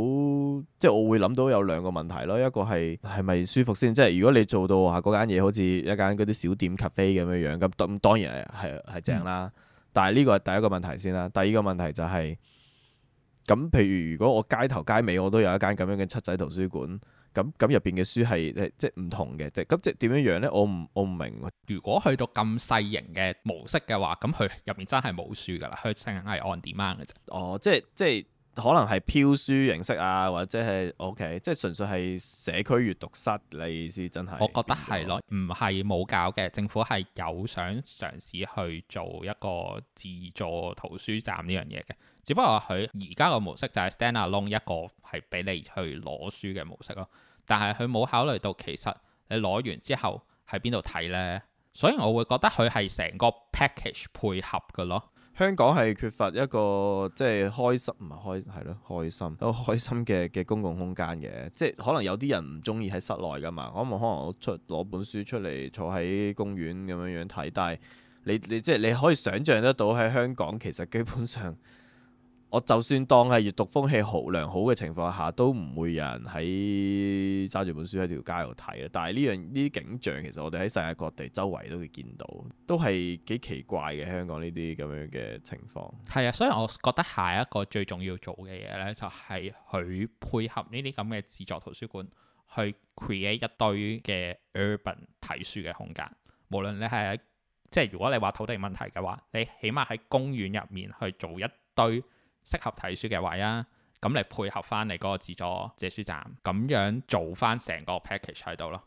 即係我會諗到有兩個問題咯。一個係係咪舒服先？即係如果你做到話嗰間嘢好似一間嗰啲小店咖啡咁樣樣，咁咁當然係係係正啦。嗯、但係呢個係第一個問題先啦。第二個問題就係、係、咁，譬如如果我街頭街尾我都有一間咁樣嘅七仔圖書館，咁咁入邊嘅書係即係唔同嘅，即咁即係點樣樣咧？我唔我唔明。如果去到咁細型嘅模式嘅話，咁佢入邊真係冇書噶啦，佢淨係 on demand 嘅啫。哦，即係即係。可能係漂書形式啊，或者係 O K，即係純粹係社區閱讀室，你意思真，真係。我覺得係咯，唔係冇搞嘅，政府係有想嘗試去做一個自助圖書站呢樣嘢嘅，只不過佢而家個模式就係 standalone 一個係俾你去攞書嘅模式咯，但係佢冇考慮到其實你攞完之後喺邊度睇呢？所以我會覺得佢係成個 package 配合㗎咯。香港係缺乏一個即係開心唔係開係咯，開心一個開心嘅、嘅公共空間嘅，即係可能有啲人唔中意喺室內㗎嘛，可唔可能我出攞本書出嚟坐喺公園咁樣樣睇？但係你你即係、即係、你可以想像得到喺香港其實基本上。我就算當係閲讀風氣好良好嘅情況下，都唔會有人喺揸住本書喺條街度睇啦。但係呢樣呢啲景象，其實我哋喺世界各地周圍都會見到，都係幾奇怪嘅。香港呢啲咁樣嘅情況，係啊，所以我覺得下一個最重要做嘅嘢呢，就係去配合呢啲咁嘅自助圖書館，去 create 一堆嘅 urban 睇書嘅空間。無論你係即係如果你話土地問題嘅話，你起碼喺公園入面去做一堆。適合睇書嘅位啊，咁嚟配合翻你嗰個自助借書站，咁樣做翻成個 package 喺度咯。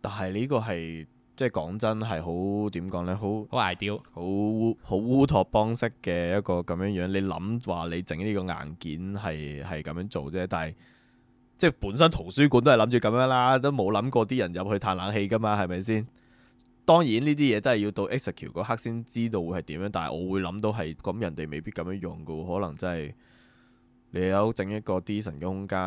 但係呢個係即係講真係好點講呢？好好偽好好烏托邦式嘅一個咁樣樣。你諗話你整呢個硬件係係咁樣做啫，但係即係本身圖書館都係諗住咁樣啦，都冇諗過啲人入去嘆冷氣㗎嘛，係咪先？當然呢啲嘢都係要到 execute 嗰刻先知道會係點樣，但係我會諗到係咁人哋未必咁樣用嘅喎，可能真係你有整一個 decent 嘅空間，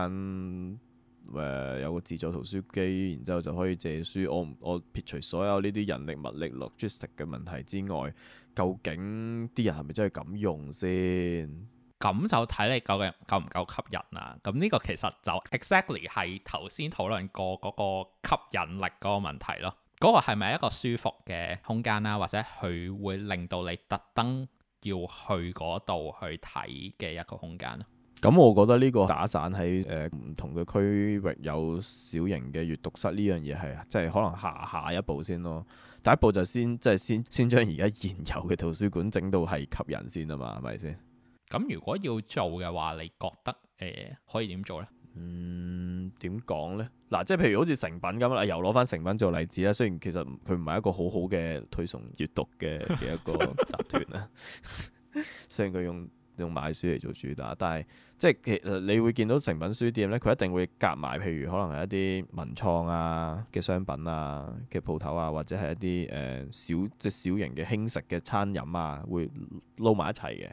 誒、呃、有個自助圖書機，然之後就可以借書。我我撇除所有呢啲人力物力 logistics 嘅問題之外，究竟啲人係咪真係咁用先？咁就睇你究竟夠唔夠吸引啦、啊。咁呢個其實就 exactly 係頭先討論過嗰個吸引力嗰個問題咯。嗰個係咪一個舒服嘅空間啦、啊，或者佢會令到你特登要去嗰度去睇嘅一個空間咯、啊？咁我覺得呢個打散喺誒唔同嘅區域有小型嘅閲讀室呢樣嘢係，即係可能下下一步先咯。第一步就先即係先先將而家現有嘅圖書館整到係吸引先啊嘛，係咪先？咁如果要做嘅話，你覺得誒、呃、可以點做咧？嗯，點講咧？嗱、啊，即係譬如好似成品咁啦，又攞翻成品做例子啦。雖然其實佢唔係一個好好嘅推崇閱讀嘅嘅一個集團啦。 雖然佢用用買書嚟做主打，但係即係其實你會見到成品書店咧，佢一定會夾埋譬如可能係一啲文創啊嘅商品啊嘅鋪頭啊，或者係一啲誒、呃、小即係小型嘅輕食嘅餐飲啊，會撈埋一齊嘅。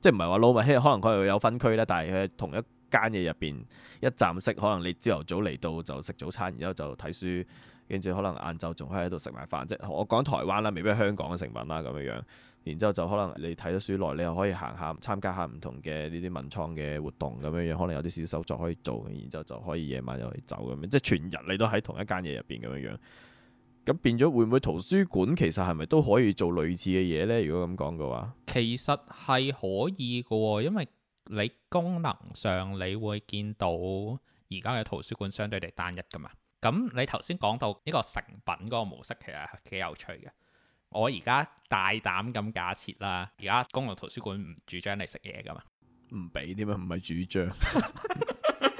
即係唔係話撈埋？可能佢又有分區咧，但係佢係同一間嘢入邊一站式，可能你朝頭早嚟到就食早餐，然之後就睇書，跟住可能晏晝仲可以喺度食埋飯，即我講台灣啦，未必香港嘅食物啦咁樣樣，然之後就可能你睇咗書耐，你又可以行下參加下唔同嘅呢啲文創嘅活動咁樣樣，可能有啲小手作可以做，然之後就可以夜晚又可以走咁樣，即係全日你都喺同一間嘢入邊咁樣樣。咁變咗會唔會圖書館其實係咪都可以做類似嘅嘢呢？如果咁講嘅話，其實係可以嘅喎，因為。你功能上，你會見到而家嘅圖書館相對地單一噶嘛？咁你頭先講到呢個成品嗰個模式，其實係幾有趣嘅。我而家大膽咁假設啦，而家公共圖書館唔主張你食嘢噶嘛？唔俾啲咩？唔係主張。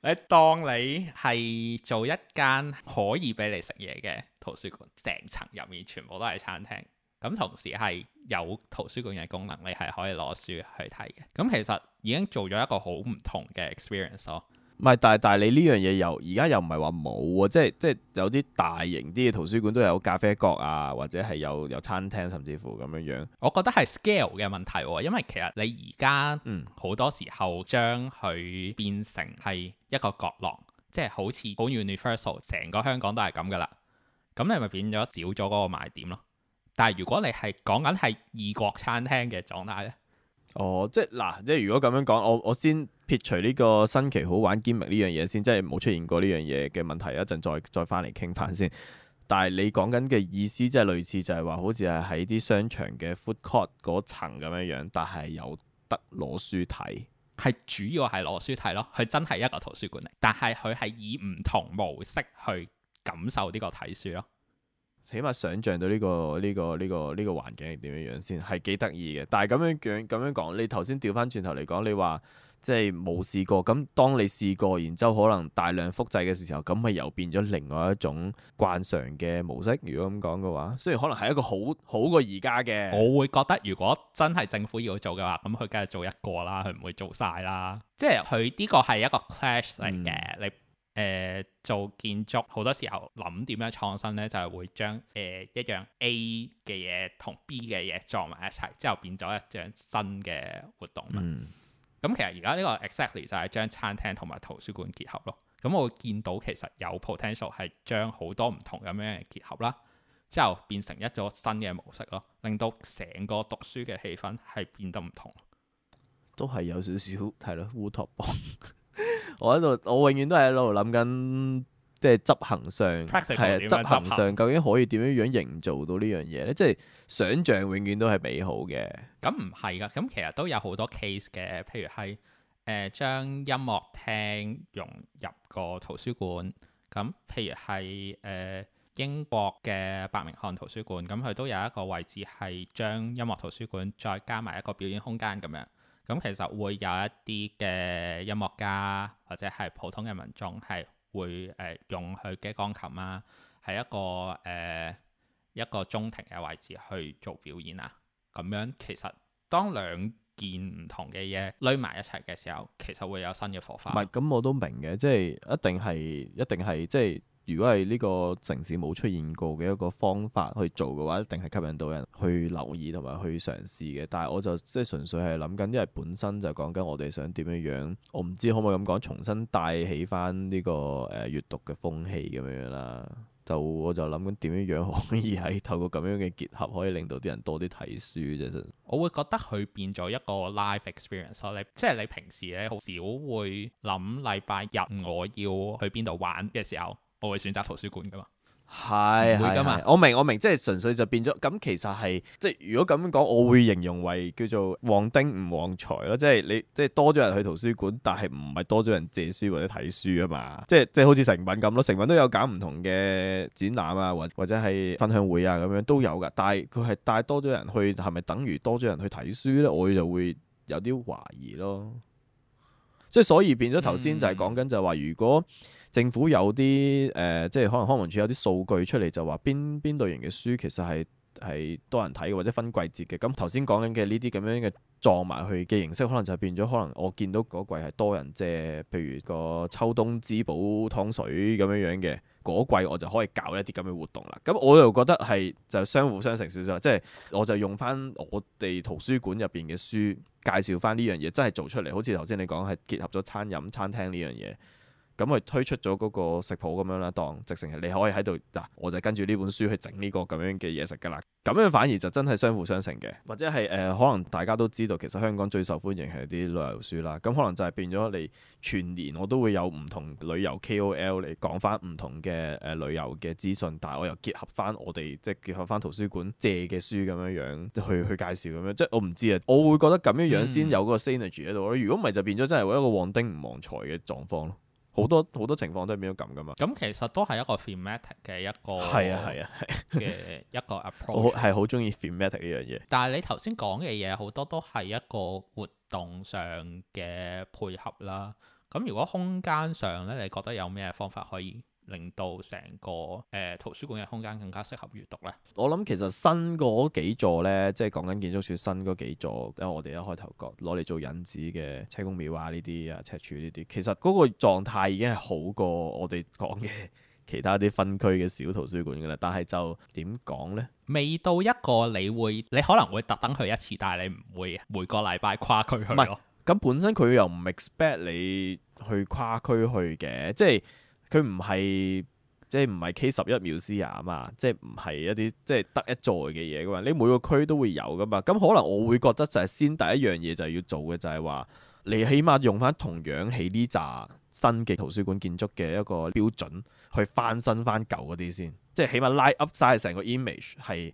你當你係做一間可以俾你食嘢嘅圖書館，成層入面全部都係餐廳。咁同時係有圖書館嘅功能，你係可以攞書去睇嘅。咁其實已經做咗一個好唔同嘅 experience 咯。唔係，但係但係你呢樣嘢又而家又唔係話冇啊，即係即係有啲大型啲嘅圖書館都有咖啡角啊，或者係有有餐廳，甚至乎咁樣樣。我覺得係 scale 嘅問題啊，因為其實你而家好多時候將佢變成係一個角落，嗯，即係好似好 universal，成個香港都係咁噶啦。咁你咪變咗少咗嗰個賣點咯。但係如果你係講緊係異國餐廳嘅狀態咧，哦、呃，即係嗱、呃，即係如果咁樣講，我我先撇除呢個新奇好玩兼埋呢樣嘢先，即係冇出現過呢樣嘢嘅問題，談一陣再再返嚟傾返先。但係你講緊嘅意思即係類似就係話，好似係喺啲商場嘅 food court 嗰層咁樣樣，但係有得攞書睇，係主要係攞書睇咯，佢真係一個圖書館嚟，但係佢係以唔同模式去感受呢個睇書咯。起碼想像到呢個呢個呢個呢個環境係點樣樣先係幾得意嘅，但係咁樣講咁樣講，你頭先調翻轉頭嚟講，你話即係冇試過，咁當你試過，然之後可能大量複製嘅時候，咁咪又變咗另外一種慣常嘅模式。如果咁講嘅話，雖然可能係一個好好過而家嘅，我會覺得如果真係政府要做嘅話，咁佢梗係做一個啦，佢唔會做晒啦。即係佢呢個係一個 clash 嚟嘅。誒、呃、做建築好多時候諗點樣創新呢？就係、是、會將誒、呃、一樣 A 嘅嘢同 B 嘅嘢撞埋一齊，之後變咗一張新嘅活動。咁、嗯嗯、其實而家呢個 exactly 就係將餐廳同埋圖書館結合咯。咁、嗯、我會見到其實有 potential 係將好多唔同咁樣嘅結合啦，之後變成一種新嘅模式咯，令到成個讀書嘅氣氛係變得唔同。都係有少少係咯烏托邦。 我喺度，我永遠都係喺度諗緊，即係執行上係啊，執 Pract ical 是行上究竟可以點樣樣營造到呢樣嘢咧？ 即係想象永遠都係美好嘅。咁唔係噶，咁其實都有好多 case 嘅，譬如係誒將音樂廳融入個圖書館。咁譬如係誒、呃，英國嘅伯明翰圖書館，咁佢都有一個位置係將音樂圖書館再加埋一個表演空間咁樣。咁其實會有一啲嘅音樂家或者係普通嘅民眾係會誒、呃、用佢嘅鋼琴啊，喺一個誒、呃、一個中庭嘅位置去做表演啊。咁樣其實當兩件唔同嘅嘢攣埋一齊嘅時候，其實會有新嘅火花。唔係，咁我都明嘅，即係一定係一定係即係。如果係呢個城市冇出現過嘅一個方法去做嘅話，一定係吸引到人去留意同埋去嘗試嘅。但係我就即係純粹係諗緊，因為本身就係講緊我哋想點樣樣。我唔知可唔可以咁講，重新帶起翻、這、呢個誒、呃、閱讀嘅風氣咁樣樣啦。就我就諗緊點樣樣可以喺透過咁樣嘅結合，可以令到啲人多啲睇書啫。我會覺得佢變咗一個 live experience，你即係你平時咧好少會諗禮拜日我要去邊度玩嘅時候。我會選擇圖書館噶嘛，係係㗎嘛係係係，我明我明，即係純粹就變咗咁。其實係即係如果咁樣講，我會形容為叫做旺丁唔旺財咯，即係你即係多咗人去圖書館，但係唔係多咗人借書或者睇書啊嘛，即係即係好似成品咁咯。成品都有搞唔同嘅展覽啊，或或者係分享會啊咁樣都有噶，但係佢係帶多咗人去，係咪等於多咗人去睇書咧？我就會有啲懷疑咯。即係所以變咗頭先就係講緊就係話，如果、嗯政府有啲誒、呃，即係可能康文署有啲數據出嚟，就話邊邊類型嘅書其實係係多人睇嘅，或者分季節嘅。咁頭先講緊嘅呢啲咁樣嘅撞埋去嘅形式，可能就變咗。可能我見到嗰季係多人借，譬如個秋冬滋補湯水咁樣樣嘅嗰季，我就可以搞一啲咁嘅活動啦。咁我又覺得係就相互相成少少啦。即係我就用翻我哋圖書館入邊嘅書介紹翻呢樣嘢，真係做出嚟，好似頭先你講係結合咗餐飲餐廳呢樣嘢。咁佢推出咗嗰個食譜咁樣啦，當直情係你可以喺度嗱，我就跟住呢本書去整呢個咁樣嘅嘢食噶啦。咁樣反而就真係相輔相成嘅，或者係誒、呃、可能大家都知道其實香港最受歡迎係啲旅遊書啦。咁、啊、可能就係變咗你全年我都會有唔同旅遊 K.O.L 嚟講翻唔同嘅誒、呃、旅遊嘅資訊，但係我又結合翻我哋即係結合翻、就是、圖書館借嘅書咁樣樣去去介紹咁樣，即、就、係、是、我唔知啊。我會覺得咁樣樣先有嗰個 synergy 喺度咯。如果唔係就變咗真係一個旺丁唔旺財嘅狀況咯。好多好多情況都係變咗咁噶嘛？咁、嗯、其實都係一個 thematic 嘅一個係啊係啊係嘅，啊、 一個 approach。我係好中意 thematic 呢樣嘢。但係你頭先講嘅嘢好多都係一個活動上嘅配合啦。咁如果空間上咧，你覺得有咩方法可以？令到成個誒、呃、圖書館嘅空間更加適合閱讀咧。我諗其實新嗰幾座咧，即係講緊建築署新嗰幾座，因為我哋一開頭講攞嚟做引子嘅車公廟啊呢啲啊赤柱呢啲，其實嗰個狀態已經係好過我哋講嘅其他啲分區嘅小圖書館噶啦。但係就點講咧？未到一個你會，你可能會特登去一次，但係你唔會每個禮拜跨區去咯、啊。咁本身佢又唔 expect 你去跨區去嘅，即係。佢唔係即係唔係 K 十一秒 C 啊嘛，即係唔係一啲即係得一座嘅嘢噶嘛？你每個區都會有噶嘛？咁可能我會覺得就係先第一樣嘢就係要做嘅就係話，你起碼用翻同樣起呢紮新嘅圖書館建築嘅一個標準去翻新翻舊嗰啲先，即係起碼 Light up 曬成個 image 係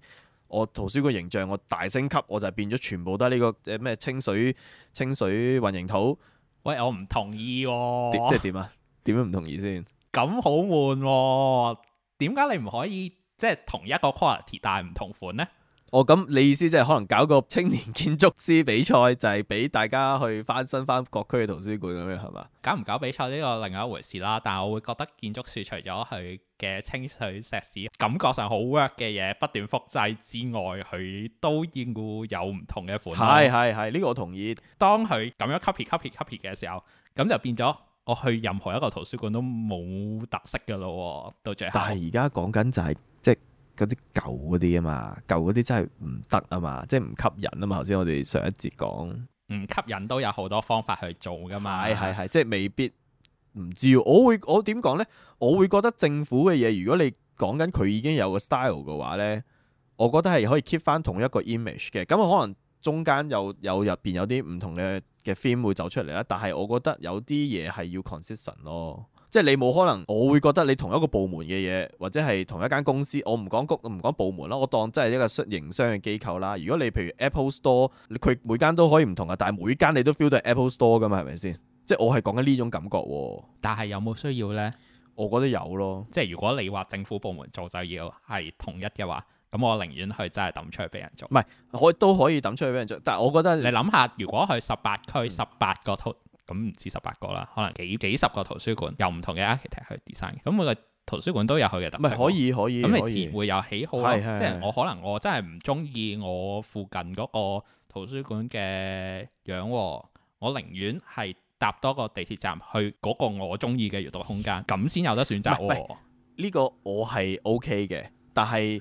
我圖書館形象，我大升級我就係變咗全部都係呢、這個咩清水清水混凝土。喂，我唔同意喎、哦，即係點啊？點樣唔同意先？咁好悶喎！點解你唔可以即係同一個 quality 但係唔同款呢？哦，咁你意思即係可能搞個青年建築師比賽，就係俾大家去翻新翻各區嘅圖書館咁樣，係嘛？搞唔搞比賽呢個另一回事啦。但我會覺得建築師除咗佢嘅清水石屎感覺上好 work 嘅嘢不斷複製之外，佢都應會有唔同嘅款式。係係係，呢個我同意。當佢咁樣 copy copy copy 嘅時候，咁就變咗。我去任何一個圖書館都冇特色噶咯，到最後。但係而家講緊就係即係嗰啲舊嗰啲啊嘛，舊嗰啲真係唔得啊嘛，即係唔吸引啊嘛。頭先我哋上一節講，唔吸引都有好多方法去做噶嘛。係係係，即係未必唔知。我會我點講咧？我會覺得政府嘅嘢，如果你講緊佢已經有個 style 嘅話咧，我覺得係可以 keep 翻同一個 image 嘅。咁我可能中間有有入邊有啲唔同嘅。嘅 film 會走出嚟啦，但係我覺得有啲嘢係要 consistency 咯，即係你冇可能，我會覺得你同一個部門嘅嘢，或者係同一間公司，我唔講唔講部門啦，我當真係一個營商嘅機構啦。如果你譬如 Apple Store，佢每間都可以唔同啊，但係每間你都 feel 到 Apple Store 噶嘛，係咪先？即係我係講緊呢種感覺喎。但係有冇需要呢？我覺得有咯，即係如果你話政府部門做就要係同一嘅話。咁我寧願去真係抌出去俾人做，唔係，可都可以抌出去俾人做，但係我覺得你諗下，如果去十八區十八個圖，咁唔止十八個啦，可能幾幾十個圖書館，有唔同嘅 architect 去 design 嘅，咁每個圖書館都有佢嘅特色。咪可以可以，咁你自然會有喜好咯。即係我可能我真係唔中意我附近嗰個圖書館嘅樣，我寧願係搭多個地鐵站去嗰個我中意嘅閱讀空間，咁先有得選擇。唔係、哦、呢個我係 OK 嘅，但係。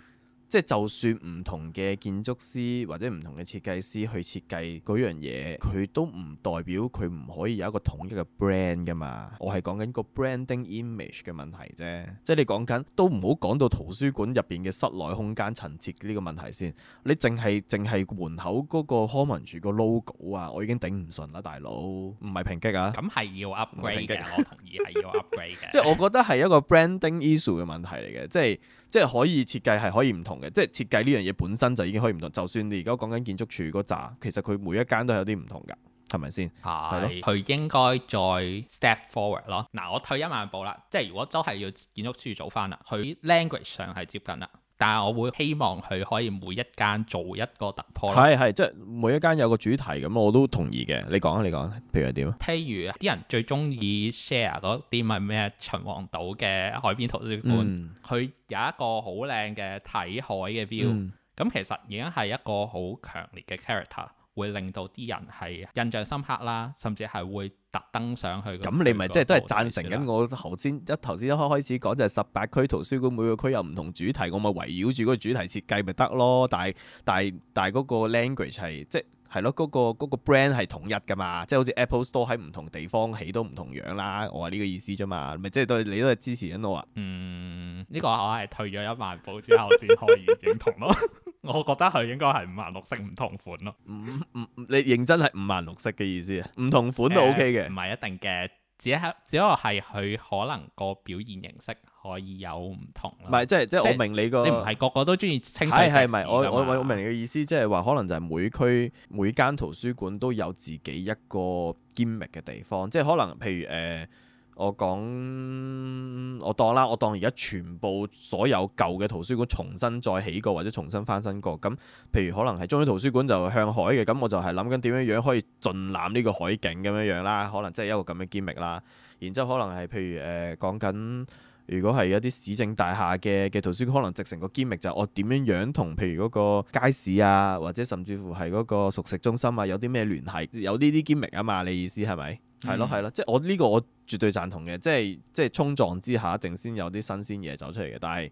即係就算唔同嘅建築師或者唔同嘅設計師去設計樣嘢，佢都唔代表佢唔可以有一個統一嘅 brand 噶嘛。我係講緊個 branding image 嘅問題啫。即係你講緊都唔好講到圖書館入邊嘅室內空間陳設呢個問題先。你淨係淨係門口嗰個康文署個 logo 啊，我已經頂唔順啦，大佬。唔係評擊啊？咁係要 upgrade 嘅。 我同意係要 upgrade 嘅。 即係我覺得係一個 branding issue 嘅問題嚟嘅。即係即係可以設計係可以唔同。即係設計呢樣嘢，本身就已經可以唔同，就算你而家講緊建築署嗰扎，其實佢每一間都有啲唔同噶係咪先？係咯，佢應該再 step forward 咯。嗱，我退一萬步啦，即係如果都係要建築署早翻啦，佢 language 上係接近啦。但係我會希望佢可以每一間做一個突破。係係，即係每一間有個主題咁，我都同意嘅。你講啊，你、嗯、講，譬如點啊？譬如啲人最鍾意 share 嗰啲咪咩秦皇島嘅海邊圖書館，佢有一個好靚嘅睇海嘅 view，咁其實已經係一個好強烈嘅 character。會令到啲人係印象深刻啦，甚至係會特登上去。咁你咪即係都係贊成緊。我頭先一頭先一開開始講就係十八區圖書館，每個區有唔同主題，我咪圍繞住嗰個主題設計咪得咯。但係但係但係嗰個 language 係即係咯，嗰、那個嗰、那個 brand 係統一噶嘛，即係好似 Apple Store 喺唔同地方起都唔同樣啦。我話呢個意思啫嘛，咪即係對你都係支持緊我話。嗯，呢、這個我係退咗一萬步之後先可以認同咯。 我覺得佢應該係五顏六色唔同款咯，嗯嗯。你認真係五顏六色嘅意思？唔同款都 OK 嘅，唔係、呃、一定嘅，只係只係係佢可能個表現形式。可以有唔同，唔係即係即係是是我明你，你個你唔係個個都中意清水。係唔係？我我我明你嘅意思，就是，即係話可能就係每區每間圖書館都有自己一個 g 密嘅地方，即係可能譬如誒，呃，我講我當啦，我當而家全部所有舊嘅圖書館重新再起過，或者重新翻新過咁。譬如可能係中央圖書館就向海嘅，咁我就係諗緊點樣樣可以盡覽呢個海景咁樣樣啦。可能即係一個咁嘅 g 密啦。然之後可能係譬如誒，呃，講緊。講如果係一啲市政大廈嘅嘅圖書館，可能直成個 gimmick 就係、我點樣樣同譬如嗰個街市啊，或者甚至乎係嗰個熟食中心啊，有啲咩聯繫，有呢啲 gimmick 啊嘛，你意思係咪？係咯係咯，即係我呢個我絕對贊同嘅，即係即係衝撞之下定先有啲新鮮嘢走出嚟嘅，但係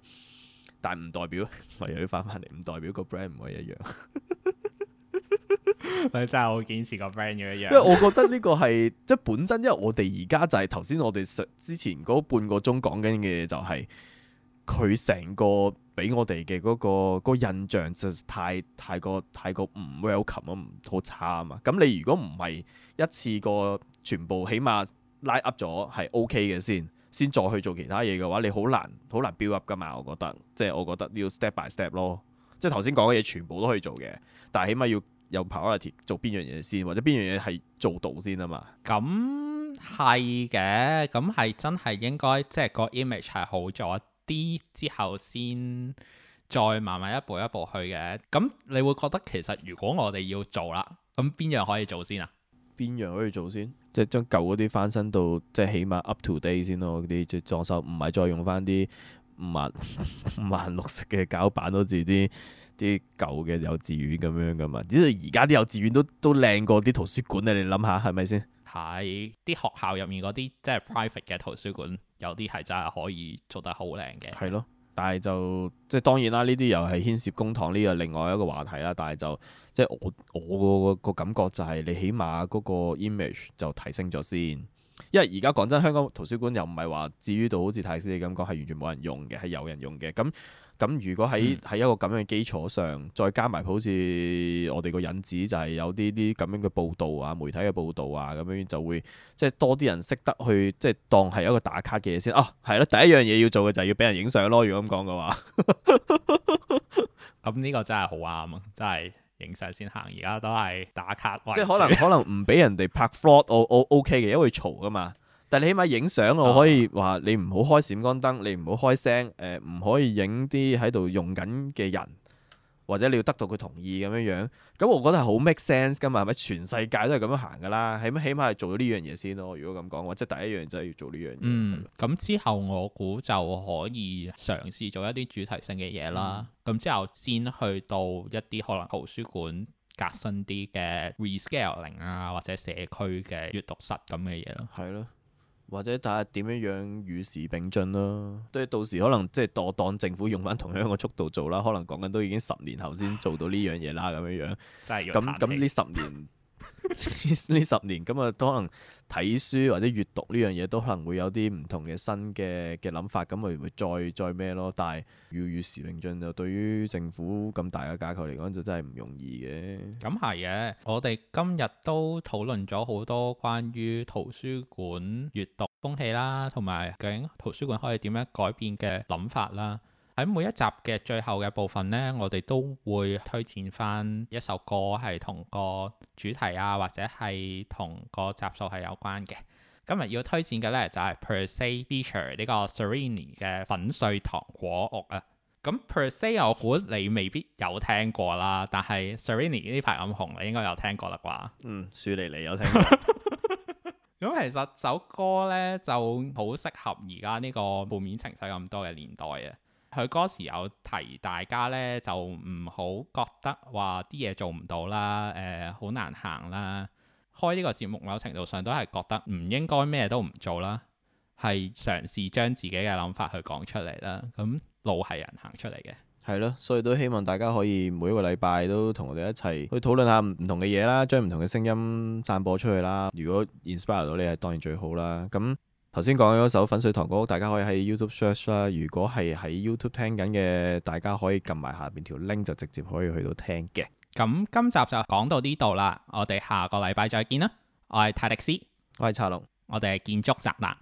但係唔代表我 又要翻返嚟，唔代表個 brand 唔會一樣。 係真係好堅持個 friend 咁樣，因為我覺得呢個係即係本身，因為我哋而家就係頭先我哋之前嗰半個鐘講緊嘅嘢，就係佢成個俾我哋嘅嗰個、個印象就太太過太過唔 welcoming，好差啊嘛。咁你如果唔係一次過全部起碼拉 up 咗係 OK 嘅先，先再去做其他嘢嘅話，你好難好難 build up 噶嘛。我覺得即係我覺得要 step by step 咯，即係頭先講嘅嘢全部都可以做嘅，但係起碼要。有 priority 做邊樣嘢先，或者邊樣嘢係做到先啊嘛？咁係嘅，咁係、嗯、真係應該即係、就是、個 image 係好咗啲之後先，再慢慢一步一步去嘅。咁、嗯、你會覺得其實如果我哋要做啦，咁邊樣可以做先啊？邊樣可以做先？即係將舊嗰啲翻身到，即係起碼 up to date 先咯。嗰啲即係裝修，唔、就、係、是、再用翻啲五萬五萬六十嘅膠板嗰啲。啲舊嘅幼稚園咁樣噶嘛，即係而家啲幼稚園都都靚過啲圖書館啊！你諗下係咪先？係啲學校入面嗰啲即係 private 嘅圖書館，有啲係真係可以做得好靚嘅。係咯，但係就即係、就是、當然啦，呢啲又係牽涉公堂呢個另外一個話題啦。但係就即係、就是、我我個感覺就係你起碼嗰個 image 就提升咗先，因為而家講真，香港圖書館又唔係話至於到好似泰斯嘅感覺係完全冇人用嘅，係有人用嘅咁。咁如果喺喺一個咁樣嘅基礎上，嗯、再加埋好似我哋個引子，就係有啲啲咁樣嘅報導啊、媒體嘅報導啊，咁樣就會即係、就是、多啲人識得去即係、就是、當係一個打卡嘅嘢先哦，係、啊、咯，第一樣嘢要做嘅就係要俾人影相咯。如果咁講嘅話，咁 呢、 嗯呢個真係好啱啊！真係影相先行，而家都係打卡。 即係可能 可能唔俾人哋拍 float，我 OK 嘅，因為嘈㗎嘛。但你起碼影相，我可以話你唔好開閃光燈，啊、你唔好開聲，誒、呃、唔可以影啲喺度用緊嘅人，或者你要得到佢同意咁樣樣。咁我覺得係好 make sense 噶嘛，係咪全世界都係咁樣行噶啦？起起碼係做咗呢樣嘢先咯。如果咁講，即第一樣就係要做呢樣嘢。嗯，咁吧、嗯、之後我估就可以嘗試做一啲主題性嘅嘢啦。咁、嗯、之後先去到一啲可能圖書館革新啲嘅 rescaling 啊，或者社區嘅閱讀室咁嘅嘢咯。係咯。或者睇下點樣樣與時並進咯，即係到時可能即係坐當政府用翻同樣嘅速度做啦，可能講緊都已經十年後先做到呢樣嘢啦咁樣樣。真係要諗下咁咁呢十年。 呢 十年咁啊，都可能睇書或者閱讀呢樣嘢，都可能會有啲唔同嘅新嘅嘅諗法，咁咪會再再咩咯？但係要與時並進，就對於政府咁大嘅架構嚟講，就真係唔容易嘅。咁係嘅，我哋今日都討論咗好多關於圖書館閱讀風氣啦，同埋究竟圖書館可以點樣改變嘅諗法啦。喺每一集嘅最後嘅部分呢，我哋都會推薦翻一首歌，係同個主題啊，或者係同個集數係有關嘅。今日要推薦嘅呢，就係 per se feature 呢個 Serrini 嘅《粉碎糖果屋》啊。咁 per se 我估你未必有聽過啦，但係 Serrini 呢排咁紅，你應該有聽過啦啩？嗯，樹莉你有聽過。咁 其實首歌呢，就好適合而家呢個負面情緒咁多嘅年代啊。佢嗰時有提大家呢，就唔好覺得話啲嘢做唔到啦，誒、呃，好難行啦。開呢個節目，某程度上都係覺得唔應該咩都唔做啦，係嘗試將自己嘅諗法去講出嚟啦。咁路係人行出嚟嘅，係咯。所以都希望大家可以每一個禮拜都同我哋一齊去討論下唔同嘅嘢啦，將唔同嘅聲音散播出去啦。如果 inspire 到你係當然最好啦。咁。頭先講咗首《粉碎糖果屋》，大家可以喺 YouTube search 啦。如果係喺 YouTube 聽緊嘅，大家可以撳埋下邊條 link，就直接可以去到聽嘅。咁今集就講到呢度啦，我哋下個禮拜再見啦。我係泰迪斯，我係查龍，我哋係建築宅男。